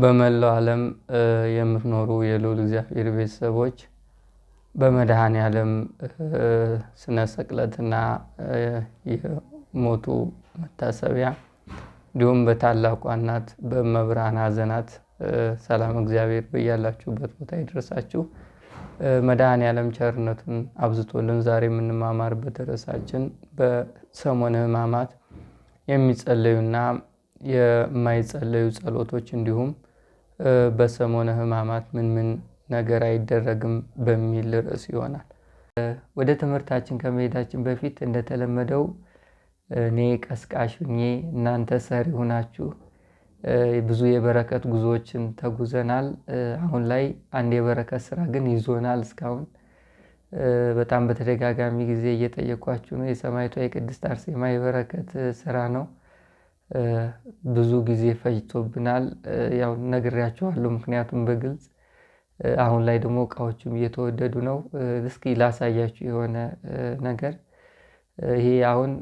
በመላው ዓለም የምትኖሩ የልዑል እግዚአብሔር ቤተሰቦች በመድኃኔ ዓለም ስነ ስቅለትና የሞቱ መታሰቢያ እንዲሁም በታላቋ እናት በመብርሃን ሐዘናት ሰላም እግዚአብሔር በያላችሁበት ቦታ ይደርሳችሁ። መድኃኔ ዓለም ቸርነቱን አብዝቶልን ዛሬ የምንማማርበት ርዕሳችን በሰሞነ ሕማማት የሚጸለዩና የማይጸለዩ ጸሎቶች እንዲሁም በሰሞነ ሕማማት ምን ምን ነገር አይደረግም በሚል ርዕስ ይሆናል። ወደ ትምህርታችን ከመሄዳችን በፊት እንደተለመደው እኔ ቀስቃሽ ሁኜ እናንተ ሰሪ ሁናችሁ ብዙ የበረከት ጉዞዎችን ተጉዘናል። አሁን ላይ አንድ የበረከት ስራ ግን ይዞናል። እስካሁን በጣም በተደጋጋሚ ጊዜ እየጠየኳችሁ ነው። የሰማዕቷ የቅድስት አርሴማ የበረከት ስራ ነው። ብዙ ጊዜ ፈጅቶብናል። ያው ነግሬያችኋለሁ፣ ምክንያቱም በግልጽ አሁን ላይ ደግሞ እቃዎችም እየተወደዱ ነው። እስኪ ላሳያችሁ የሆነ ነገር። ይሄ አሁን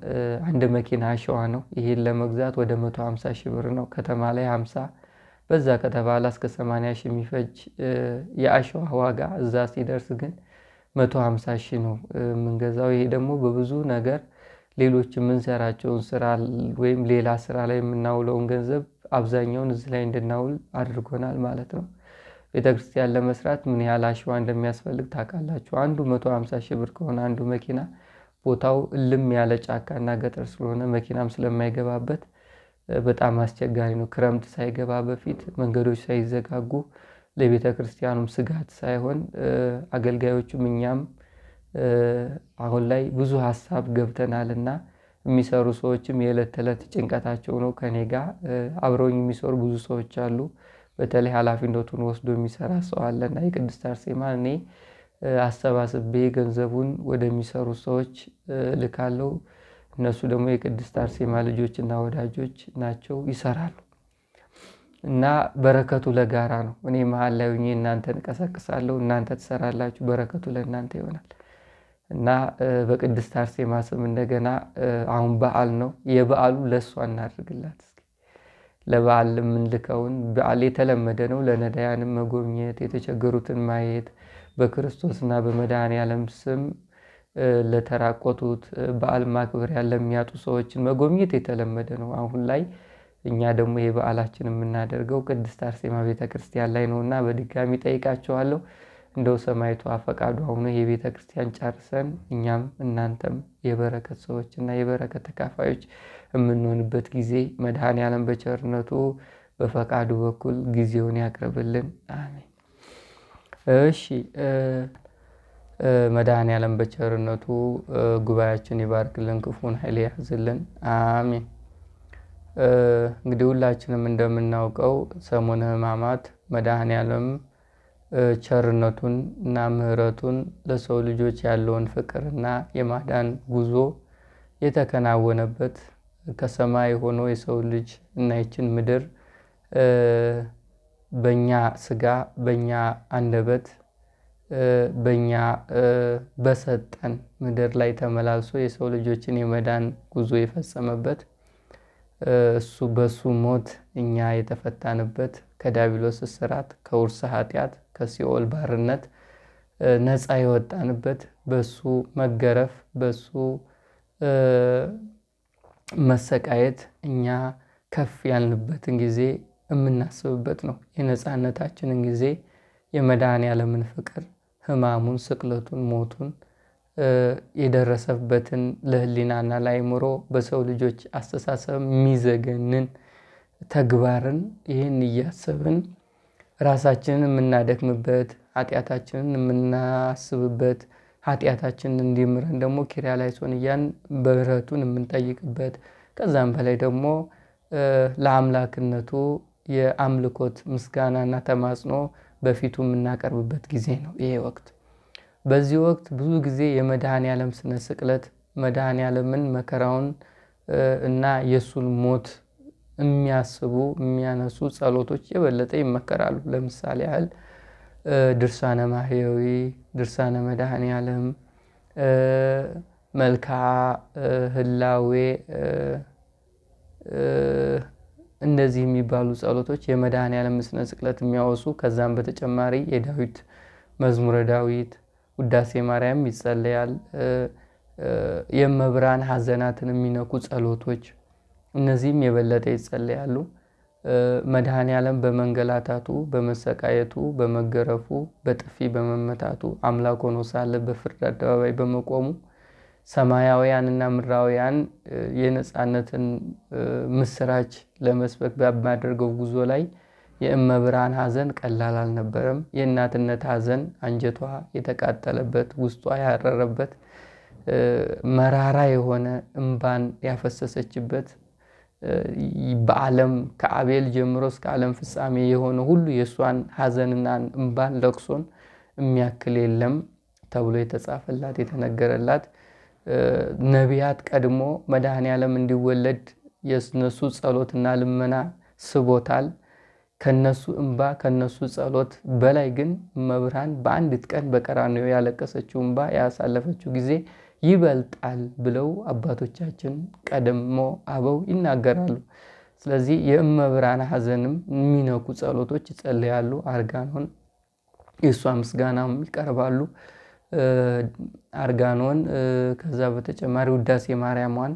አንድ መኪና አሸዋ ነው። ይሄን ለመግዛት ወደ መቶ ሀምሳ ሺህ ብር ነው ከተማ ላይ ሀምሳ በዛ ከተባለ እስከ ሰማንያ ሺህ የሚፈጅ የአሸዋ ዋጋ፣ እዛ ሲደርስ ግን መቶ ሀምሳ ሺህ ነው የምንገዛው። ይሄ ደግሞ በብዙ ነገር ሌሎች የምንሰራቸውን ስራ ወይም ሌላ ስራ ላይ የምናውለውን ገንዘብ አብዛኛውን እዚህ ላይ እንድናውል አድርጎናል ማለት ነው። ቤተክርስቲያን ለመስራት ምን ያህል አሸዋ እንደሚያስፈልግ ታውቃላችሁ? አንዱ መቶ ሀምሳ ሺህ ብር ከሆነ አንዱ መኪና ቦታው እልም ያለ ጫካና ገጠር ስለሆነ መኪናም ስለማይገባበት በጣም አስቸጋሪ ነው። ክረምት ሳይገባ በፊት መንገዶች ሳይዘጋጉ ለቤተ ክርስቲያኑም ስጋት ሳይሆን አገልጋዮቹም እኛም አሁን ላይ ብዙ ሀሳብ ገብተናል እና የሚሰሩ ሰዎችም የዕለት ተዕለት ጭንቀታቸው ነው። ከኔ ጋር አብረውኝ የሚሰሩ ብዙ ሰዎች አሉ። በተለይ ኃላፊነቱን ወስዶ የሚሰራ ሰው አለና የቅድስት አርሴማ እኔ አሰባስቤ ገንዘቡን ወደሚሰሩ ሰዎች ልካለው። እነሱ ደግሞ የቅድስት አርሴማ እና ወዳጆች ናቸው፣ ይሰራሉ እና በረከቱ ለጋራ ነው። እኔ መሀል ላይ ሆኜ እናንተን እናንተ ትሰራላችሁ፣ በረከቱ ለእናንተ ይሆናል። እና በቅድስት አርሴማ ስም እንደገና አሁን በዓል ነው። የበዓሉ ለእሷ እናድርግላት እስኪ። ለበዓል የምንልከውን በዓል የተለመደ ነው። ለነዳያንም መጎብኘት፣ የተቸገሩትን ማየት፣ በክርስቶስና በመድን ያለም ስም ለተራቆቱት በዓል ማክበሪያ ለሚያጡ ሰዎችን መጎብኘት የተለመደ ነው። አሁን ላይ እኛ ደግሞ የበዓላችን የምናደርገው ቅድስት አርሴማ ቤተክርስቲያን ላይ እና በድጋሚ ጠይቃቸዋለሁ። እንደው ሰማይቱ አፈቃዱ አሁኑ የቤተ ክርስቲያን ጨርሰን እኛም እናንተም የበረከት ሰዎች እና የበረከት ተካፋዮች የምንሆንበት ጊዜ መድኃኔ ዓለም በቸርነቱ በፈቃዱ በኩል ጊዜውን ያቅርብልን። አሜን። እሺ መድኃኔ ዓለም በቸርነቱ ጉባኤያችን ይባርክልን፣ ክፉን ኃይል ያዝልን። አሜን። እንግዲህ ሁላችንም እንደምናውቀው ሰሙነ ሕማማት መድኃኔ ዓለም ቸርነቱን እና ምሕረቱን ለሰው ልጆች ያለውን ፍቅርና የማዳን ጉዞ የተከናወነበት ከሰማይ ሆኖ የሰው ልጅ እና ይችን ምድር በእኛ ስጋ በእኛ አንደበት በእኛ በሰጠን ምድር ላይ ተመላልሶ የሰው ልጆችን የመዳን ጉዞ የፈጸመበት እሱ በሱ ሞት እኛ የተፈታንበት ከዳቢሎስ እስራት ከውርስ ኃጢአት ከሲኦል ባርነት ነፃ የወጣንበት በሱ መገረፍ በሱ መሰቃየት እኛ ከፍ ያልንበትን ጊዜ የምናስብበት ነው። የነፃነታችንን ጊዜ የመድኃኔ ያለምን ፍቅር ሕማሙን፣ ስቅለቱን፣ ሞቱን የደረሰበትን ለህሊናና ለአይምሮ በሰው ልጆች አስተሳሰብ የሚዘገንን ተግባርን ይህን እያሰብን ራሳችንን የምናደክምበት ኃጢአታችንን የምናስብበት ኃጢአታችንን እንዲምረን ደግሞ ኪሪያ ላይ ሶንያን በምህረቱን የምንጠይቅበት ከዛም በላይ ደግሞ ለአምላክነቱ የአምልኮት ምስጋናና ተማጽኖ በፊቱ የምናቀርብበት ጊዜ ነው ይሄ ወቅት። በዚህ ወቅት ብዙ ጊዜ የመድኃኔ ዓለም ስነ ስቅለት መድኃኔ ዓለምን መከራውን እና የእሱን ሞት የሚያስቡ የሚያነሱ ጸሎቶች የበለጠ ይመከራሉ። ለምሳሌ ያህል ድርሳነ ማህያዊ ድርሳነ መድኃኔ ዓለም፣ መልክዓ ህላዌ እንደዚህ የሚባሉ ጸሎቶች የመድኃኔ ዓለም ምስነ ስቅለት የሚያወሱ ከዛም በተጨማሪ የዳዊት መዝሙረ ዳዊት፣ ውዳሴ ማርያም ይጸለያል። የመብራን ሀዘናትን የሚነኩ ጸሎቶች እነዚህም የበለጠ ይጸለያሉ። መድኃኔ ዓለም በመንገላታቱ፣ በመሰቃየቱ፣ በመገረፉ፣ በጥፊ በመመታቱ አምላክ ሆኖ ሳለ በፍርድ አደባባይ በመቆሙ ሰማያውያንና ምድራውያን የነፃነትን ምስራች ለመስበክ በማደርገው ጉዞ ላይ የእመብርሃን ሐዘን ቀላል አልነበረም። የእናትነት ሐዘን አንጀቷ የተቃጠለበት ውስጧ ያረረበት መራራ የሆነ እምባን ያፈሰሰችበት በዓለም ከአቤል ጀምሮ እስከ ዓለም ፍጻሜ የሆነ ሁሉ የእሷን ሐዘንና እምባን ለቅሶን የሚያክል የለም ተብሎ የተጻፈላት የተነገረላት ነቢያት ቀድሞ መድኃኔ ዓለም እንዲወለድ የነሱ ጸሎትና ልመና ስቦታል። ከነሱ እምባ ከነሱ ጸሎት በላይ ግን መብርሃን በአንዲት ቀን በቀራንዮ ያለቀሰችው እምባ ያሳለፈችው ጊዜ ይበልጣል ብለው አባቶቻችን ቀደሞ አበው ይናገራሉ። ስለዚህ የእመብርሃን ሐዘንም የሚነኩ ጸሎቶች ይጸለያሉ። አርጋኖን የእሷ ምስጋናም ይቀርባሉ። አርጋኖን ከዛ በተጨማሪ ውዳሴ ማርያሟን፣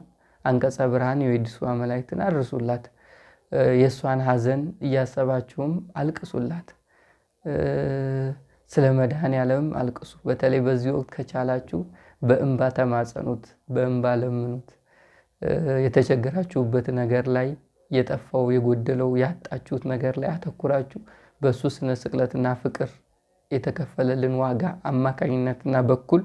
አንቀጸ ብርሃን የወዲሷ መላእክትን አድርሱላት። የእሷን ሐዘን እያሰባችሁም አልቅሱላት። ስለ መድኃኔ አልቅሱ። በተለይ በዚህ ወቅት ከቻላችሁ በእንባ ተማጸኑት፣ በእንባ ለምኑት። የተቸገራችሁበት ነገር ላይ የጠፋው የጎደለው ያጣችሁት ነገር ላይ አተኩራችሁ በእሱ ስነ ስቅለትና ፍቅር የተከፈለልን ዋጋ አማካኝነትና በኩል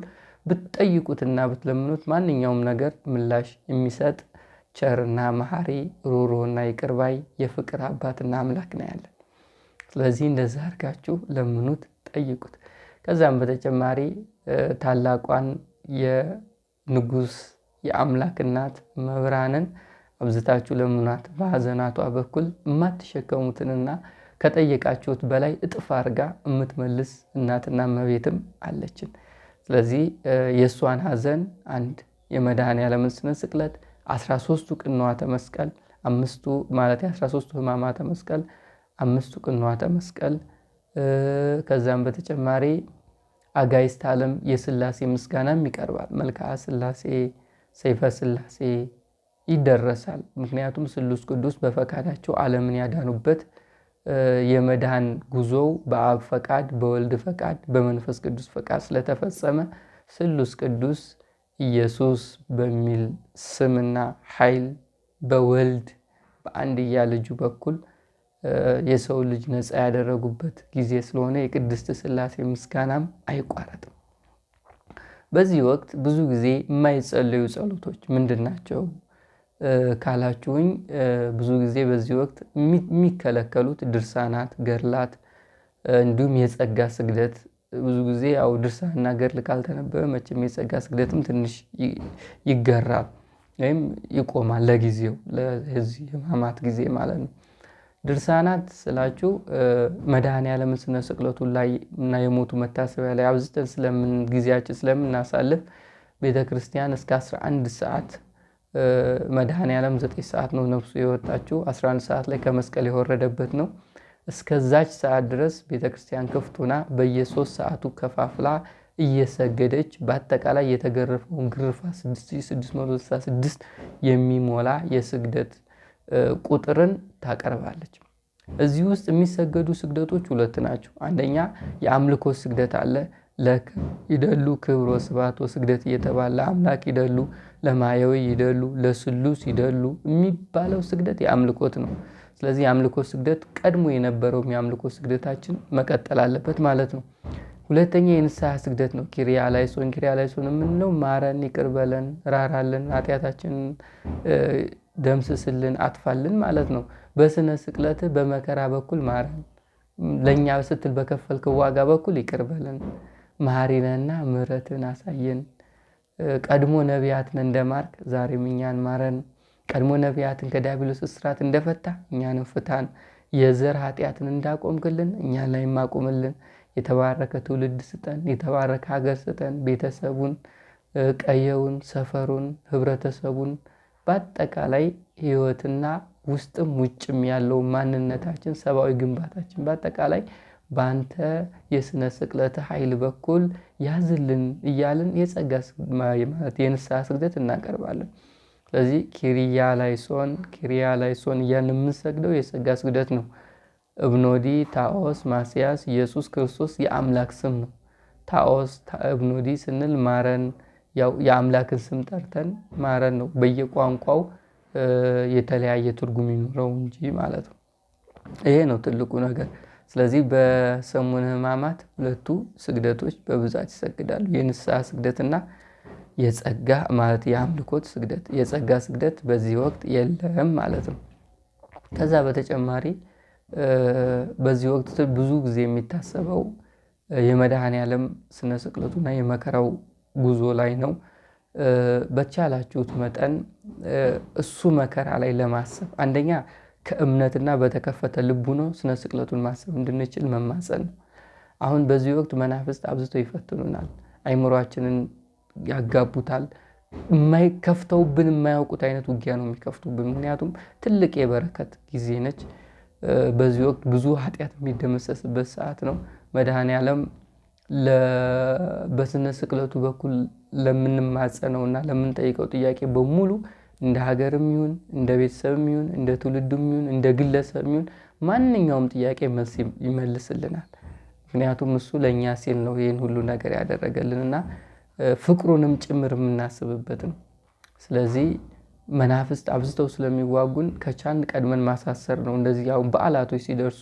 ብትጠይቁትና ብትለምኑት ማንኛውም ነገር ምላሽ የሚሰጥ ቸርና መሐሪ ሮሮና ይቅርባይ የፍቅር አባትና አምላክ ነው ያለን። ስለዚህ እንደዛ አድርጋችሁ ለምኑት፣ ጠይቁት። ከዛም በተጨማሪ ታላቋን የንጉስ የአምላክ እናት መብራንን አብዝታችሁ ለምኗት፣ በሐዘናቷ በኩል የማትሸከሙትንና ከጠየቃችሁት በላይ እጥፍ አድርጋ የምትመልስ እናትና መቤትም አለችን። ስለዚህ የእሷን ሐዘን አንድ የመድኃኔዓለምን ስነ ስቅለት 13ቱ ቅንዋተ መስቀል አምስቱ ማለት 13ቱ ሕማማተ መስቀል አምስቱ ቅንዋተ መስቀል ከዛም በተጨማሪ አጋይስት ዓለም የስላሴ ምስጋናም ይቀርባል። መልክዓ ስላሴ፣ ሰይፈ ስላሴ ይደረሳል። ምክንያቱም ስሉስ ቅዱስ በፈቃዳቸው ዓለምን ያዳኑበት የመድኃን ጉዞው በአብ ፈቃድ፣ በወልድ ፈቃድ፣ በመንፈስ ቅዱስ ፈቃድ ስለተፈጸመ ስሉስ ቅዱስ ኢየሱስ በሚል ስምና ኃይል በወልድ በአንድያ ልጁ በኩል የሰው ልጅ ነፃ ያደረጉበት ጊዜ ስለሆነ የቅድስት ስላሴ ምስጋናም አይቋረጥም። በዚህ ወቅት ብዙ ጊዜ የማይጸለዩ ጸሎቶች ምንድን ናቸው ካላችሁኝ፣ ብዙ ጊዜ በዚህ ወቅት የሚከለከሉት ድርሳናት፣ ገድላት እንዲሁም የጸጋ ስግደት ብዙ ጊዜ ያው ድርሳንና ገድል ካልተነበበ መቼም የጸጋ ስግደትም ትንሽ ይገራል ወይም ይቆማል ለጊዜው ለዚህ የሕማማት ጊዜ ማለት ነው። ድርሳናት ስላችሁ መድኃኔ ዓለምን ስነ ላይ እና የሞቱ መታሰቢያ ላይ አብዝተን ስለምን ጊዜያችን ስለምናሳልፍ ቤተ ክርስቲያን እስከ 11 ሰዓት መድኃኔ 9 ሰዓት ነው ነፍሱ የወጣችው። 11 ሰዓት ላይ ከመስቀል የወረደበት ነው። እስከዛች ሰዓት ድረስ ቤተ ክርስቲያን ክፍት ሆና በየሶስት ሰዓቱ ከፋፍላ እየሰገደች በአጠቃላይ የተገረፈውን ግርፋ 6666 የሚሞላ የስግደት ቁጥርን ታቀርባለች። እዚህ ውስጥ የሚሰገዱ ስግደቶች ሁለት ናቸው። አንደኛ የአምልኮ ስግደት አለ። ለክ ይደሉ ክብሮ ስባቶ ስግደት እየተባለ አምላክ ይደሉ፣ ለማየዊ ይደሉ፣ ለስሉስ ይደሉ የሚባለው ስግደት የአምልኮት ነው። ስለዚህ የአምልኮ ስግደት ቀድሞ የነበረውም የአምልኮ ስግደታችን መቀጠል አለበት ማለት ነው። ሁለተኛ የንስሐ ስግደት ነው። ኪሪያ ላይሶን ኪሪያ ላይሶን የምንለው ማረን፣ ይቅርበለን፣ ራራለን፣ ኃጢአታችንን ደምስስልን፣ አጥፋልን ማለት ነው። በስነ ስቅለት በመከራ በኩል ማረን፣ ለእኛ ስትል በከፈልክ ዋጋ በኩል ይቅርበልን፣ መሐሪነና ምሕረትን አሳየን። ቀድሞ ነቢያትን እንደማርክ ዛሬም እኛን ማረን። ቀድሞ ነቢያትን ከዲያብሎስ እስራት እንደፈታ እኛንም ፍታን። የዘር ኃጢአትን እንዳቆምክልን እኛን ላይ ማቆምልን። የተባረከ ትውልድ ስጠን፣ የተባረከ ሀገር ስጠን። ቤተሰቡን፣ ቀየውን፣ ሰፈሩን፣ ህብረተሰቡን በአጠቃላይ ህይወትና ውስጥም ውጭም ያለው ማንነታችን፣ ሰብአዊ ግንባታችን በአጠቃላይ በአንተ የስነ ስቅለት ኃይል በኩል ያዝልን እያልን የጸጋ ማለት የንስሐ ስግደት እናቀርባለን። ስለዚህ ኪሪያ ላይሶን ኪሪያ ላይሶን እያን የምንሰግደው የጸጋ ስግደት ነው። እብኖዲ ታኦስ ማስያስ ኢየሱስ ክርስቶስ የአምላክ ስም ነው። ታኦስ እብኖዲ ስንል ማረን ያው የአምላክን ስም ጠርተን ማረን ነው። በየቋንቋው የተለያየ ትርጉም ይኖረው እንጂ ማለት ነው። ይሄ ነው ትልቁ ነገር። ስለዚህ በሰሙነ ሕማማት ሁለቱ ስግደቶች በብዛት ይሰግዳሉ። የንስሐ ስግደትና የጸጋ ማለት የአምልኮት ስግደት። የጸጋ ስግደት በዚህ ወቅት የለም ማለት ነው። ከዛ በተጨማሪ በዚህ ወቅት ብዙ ጊዜ የሚታሰበው የመድኃኔ ዓለም ስነ ስቅለቱና የመከራው ጉዞ ላይ ነው። በቻላችሁት መጠን እሱ መከራ ላይ ለማሰብ አንደኛ ከእምነትና በተከፈተ ልቡ ነው ስነ ስቅለቱን ማሰብ እንድንችል መማፀን ነው። አሁን በዚህ ወቅት መናፍስት አብዝተው ይፈትኑናል፣ አይምሯችንን ያጋቡታል። ከፍተውብን የማያውቁት አይነት ውጊያ ነው የሚከፍቱብን። ምክንያቱም ትልቅ የበረከት ጊዜ ነች። በዚህ ወቅት ብዙ ኃጢአት የሚደመሰስበት ሰዓት ነው። መድኃኔ ዓለም በስነ ስቅለቱ በኩል እና ለምንጠይቀው ጥያቄ በሙሉ እንደ ሀገርም ይሁን እንደ ቤተሰብም ይሁን እንደ ትውልድም ይሁን እንደ ግለሰብም ይሁን ማንኛውም ጥያቄ መልስ ይመልስልናል። ምክንያቱም እሱ ለእኛ ሲል ነው ይህን ሁሉ ነገር ያደረገልን እና ፍቅሩንም ጭምር የምናስብበት ነው። ስለዚህ መናፍስት አብዝተው ስለሚዋጉን ከቻን ቀድመን ማሳሰር ነው። እንደዚህ ያው በዓላቶች ሲደርሱ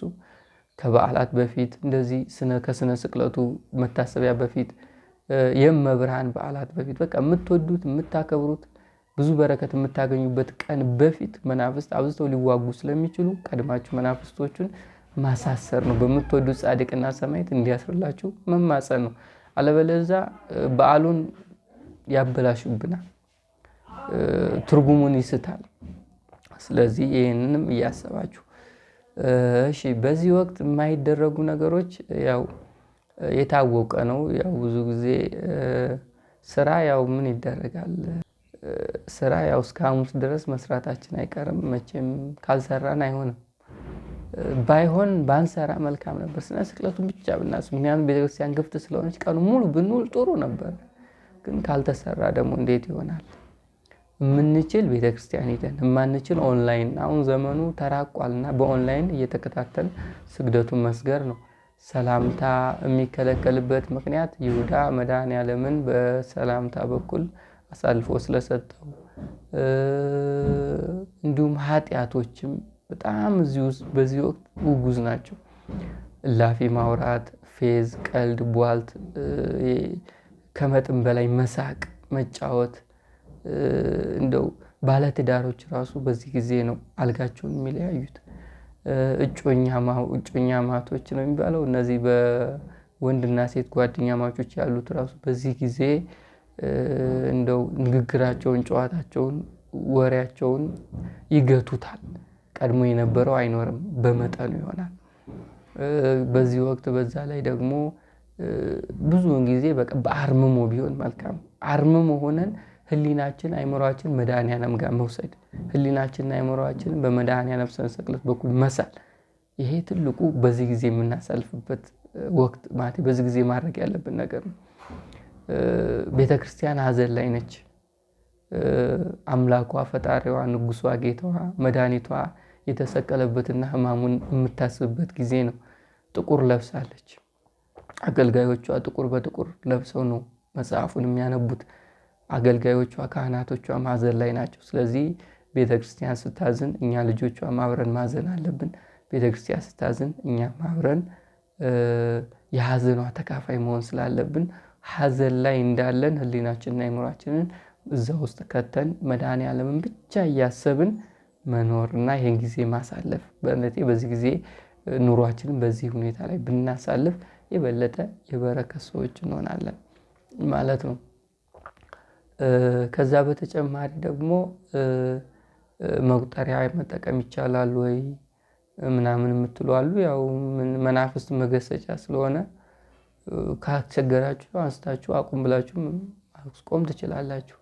ከበዓላት በፊት እንደዚህ ከስነ ስቅለቱ መታሰቢያ በፊት የመብርሃን በዓላት በፊት በቃ የምትወዱት የምታከብሩት ብዙ በረከት የምታገኙበት ቀን በፊት መናፍስት አብዝተው ሊዋጉ ስለሚችሉ ቀድማችሁ መናፍስቶቹን ማሳሰር ነው። በምትወዱት ጻድቅና ሰማዕት እንዲያስርላችሁ መማፀን ነው። አለበለዛ በዓሉን ያበላሹብናል፣ ትርጉሙን ይስታል። ስለዚህ ይህንንም እያሰባችሁ እሺ በዚህ ወቅት የማይደረጉ ነገሮች ያው የታወቀ ነው። ያው ብዙ ጊዜ ስራ ያው ምን ይደረጋል? ስራ ያው እስከ ሀሙስ ድረስ መስራታችን አይቀርም መቼም ካልሰራን አይሆንም። ባይሆን ባንሰራ መልካም ነበር። ስነ ስቅለቱን ብቻ ብናስ ምክንያቱም ቤተክርስቲያን ክፍት ስለሆነች ቀኑ ሙሉ ብንውል ጥሩ ነበር። ግን ካልተሰራ ደግሞ እንዴት ይሆናል? የምንችል ቤተክርስቲያን ሄደን የማንችል ኦንላይን። አሁን ዘመኑ ተራቋልና በኦንላይን እየተከታተል ስግደቱን መስገር ነው። ሰላምታ የሚከለከልበት ምክንያት ይሁዳ መድኃኔዓለምን በሰላምታ በኩል አሳልፎ ስለሰጠው እንዲሁም ኃጢአቶችም በጣም በዚህ ወቅት ውጉዝ ናቸው። እላፊ ማውራት፣ ፌዝ፣ ቀልድ፣ ቧልት፣ ከመጠን በላይ መሳቅ፣ መጫወት እንደው ባለትዳሮች ራሱ በዚህ ጊዜ ነው አልጋቸውን የሚለያዩት። እጮኛ ማቶች ነው የሚባለው። እነዚህ በወንድና ሴት ጓደኛ ማቾች ያሉት ራሱ በዚህ ጊዜ እንደው ንግግራቸውን፣ ጨዋታቸውን፣ ወሬያቸውን ይገቱታል። ቀድሞ የነበረው አይኖርም፣ በመጠኑ ይሆናል። በዚህ ወቅት በዛ ላይ ደግሞ ብዙውን ጊዜ በቃ በአርምሞ ቢሆን መልካም አርምሞ ሆነን ህሊናችን አይምሯችን መድኃኒዓለም ጋር መውሰድ ህሊናችንና አይምሯችን በመድኃኒዓለም ሰንሰለት በኩል መሳል። ይሄ ትልቁ በዚህ ጊዜ የምናሳልፍበት ወቅት ማለት በዚህ ጊዜ ማድረግ ያለብን ነገር ነው። ቤተ ክርስቲያን ላይ ነች። አምላኳ ፈጣሪዋ፣ ንጉሷ፣ ጌታዋ፣ መድኃኒቷ የተሰቀለበትና ህማሙን የምታስብበት ጊዜ ነው። ጥቁር ለብሳለች። አገልጋዮቿ ጥቁር በጥቁር ለብሰው ነው መጽሐፉን የሚያነቡት። አገልጋዮቿ ካህናቶቿ ማዘን ላይ ናቸው። ስለዚህ ቤተ ክርስቲያን ስታዝን እኛ ልጆቿ ማብረን ማዘን አለብን። ቤተ ክርስቲያን ስታዝን እኛ ማብረን የሐዘኗ ተካፋይ መሆን ስላለብን ሐዘን ላይ እንዳለን ሕሊናችንና አይምሯችንን እዛ ውስጥ ከተን መድኃኔ ዓለምን ብቻ እያሰብን መኖርና ይህን ጊዜ ማሳለፍ በእምነቴ በዚህ ጊዜ ኑሯችንን በዚህ ሁኔታ ላይ ብናሳልፍ የበለጠ የበረከት ሰዎች እንሆናለን ማለት ነው። ከዛ በተጨማሪ ደግሞ መቁጠሪያ መጠቀም ይቻላል ወይ ምናምን የምትሉ አሉ። ያው መናፍስት መገሰጫ ስለሆነ ካስቸገራችሁ አንስታችሁ አቁም ብላችሁ አስቆም ትችላላችሁ።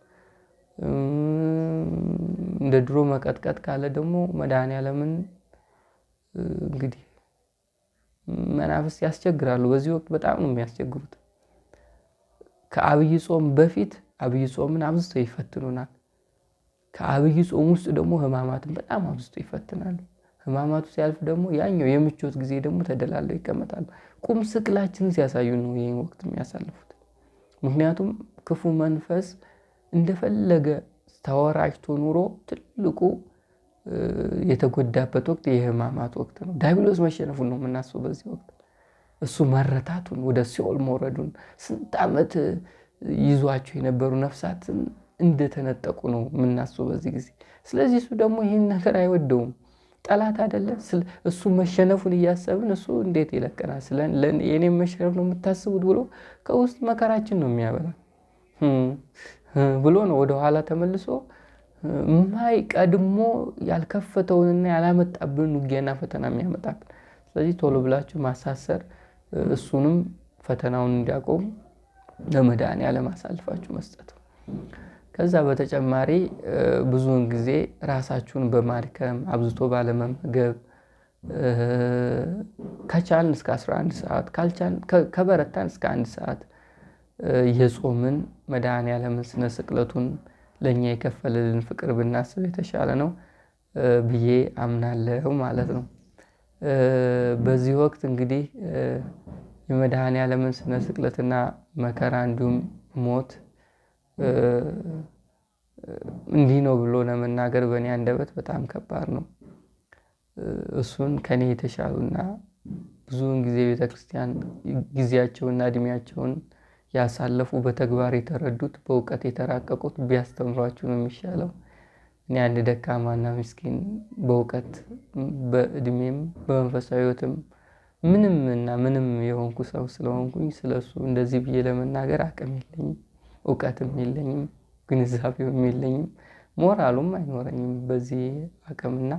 እንደ ድሮ መቀጥቀጥ ካለ ደግሞ መድኃኒዓለምን እንግዲህ መናፍስት ያስቸግራሉ። በዚህ ወቅት በጣም ነው የሚያስቸግሩት። ከአብይ ጾም በፊት አብይ ጾምን አብዝተው ይፈትኑናል። ከአብይ ጾም ውስጥ ደግሞ ህማማትን በጣም አብዝቶ ይፈትናሉ። ህማማቱ ሲያልፍ ደግሞ ያኛው የምቾት ጊዜ ደግሞ ተደላለው ይቀመጣሉ። ቁም ስቅላችንን ሲያሳዩ ነው ይህን ወቅት የሚያሳልፉት። ምክንያቱም ክፉ መንፈስ እንደፈለገ ተወራጅቶ ኑሮ ትልቁ የተጎዳበት ወቅት የህማማት ወቅት ነው። ዳይብሎስ መሸነፉን ነው የምናስበው በዚህ ወቅት እሱ መረታቱን ወደ ሲኦል መውረዱን ስንት ዓመት ይዟቸው የነበሩ ነፍሳትን እንደተነጠቁ ነው የምናስበው በዚህ ጊዜ። ስለዚህ እሱ ደግሞ ይህን ነገር አይወደውም። ጠላት አይደለም እሱ መሸነፉን እያሰብን እሱ እንዴት ይለቀናል? የኔ መሸነፍ ነው የምታስቡት ብሎ ከውስጥ መከራችን ነው የሚያበላ ብሎ ነው ወደኋላ ተመልሶ ማይ ቀድሞ ያልከፈተውንና ያላመጣብን ውጊያና ፈተና የሚያመጣብን። ስለዚህ ቶሎ ብላችሁ ማሳሰር እሱንም ፈተናውን እንዲያቆም ለመድኃኒዓለም አሳልፋችሁ መስጠት ከዛ በተጨማሪ ብዙውን ጊዜ ራሳችሁን በማድከም አብዝቶ ባለመመገብ ከቻልን እስከ 11 ሰዓት ካልቻልን ከበረታን እስከ አንድ ሰዓት የጾምን መድኃኒዓለምን ስነ ስቅለቱን ለእኛ የከፈለልን ፍቅር ብናስብ የተሻለ ነው ብዬ አምናለሁ ማለት ነው። በዚህ ወቅት እንግዲህ የመድኃኒዓለምን ስነ ስቅለትና መከራ እንዲሁም ሞት እንዲህ ነው ብሎ ለመናገር በእኔ አንደበት በጣም ከባድ ነው። እሱን ከኔ የተሻሉና ብዙውን ጊዜ ቤተክርስቲያን ጊዜያቸውና እድሜያቸውን ያሳለፉ በተግባር የተረዱት በእውቀት የተራቀቁት ቢያስተምሯችሁ ነው የሚሻለው። እኔ አንድ ደካማና ምስኪን በእውቀት በእድሜም በመንፈሳዊ ሕይወትም ምንም እና ምንም የሆንኩ ሰው ስለሆንኩኝ ስለሱ እንደዚህ ብዬ ለመናገር አቅም የለኝም፣ እውቀትም የለኝም፣ ግንዛቤውም የለኝም፣ ሞራሉም አይኖረኝም በዚህ አቅምና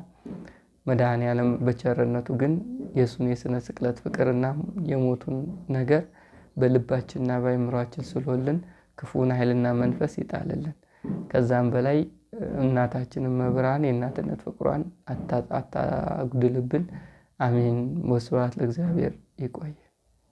መድኃኔዓለም በቸርነቱ ግን የእሱን የስነ ስቅለት ፍቅርና የሞቱን ነገር በልባችንና በአይምሯችን ስሎልን ክፉን ኃይልና መንፈስ ይጣልልን። ከዛም በላይ እናታችንን መብርሃን የእናትነት ፍቅሯን አታጉድልብን። አሜን። ወስብሐት ለእግዚአብሔር። ይቆያል።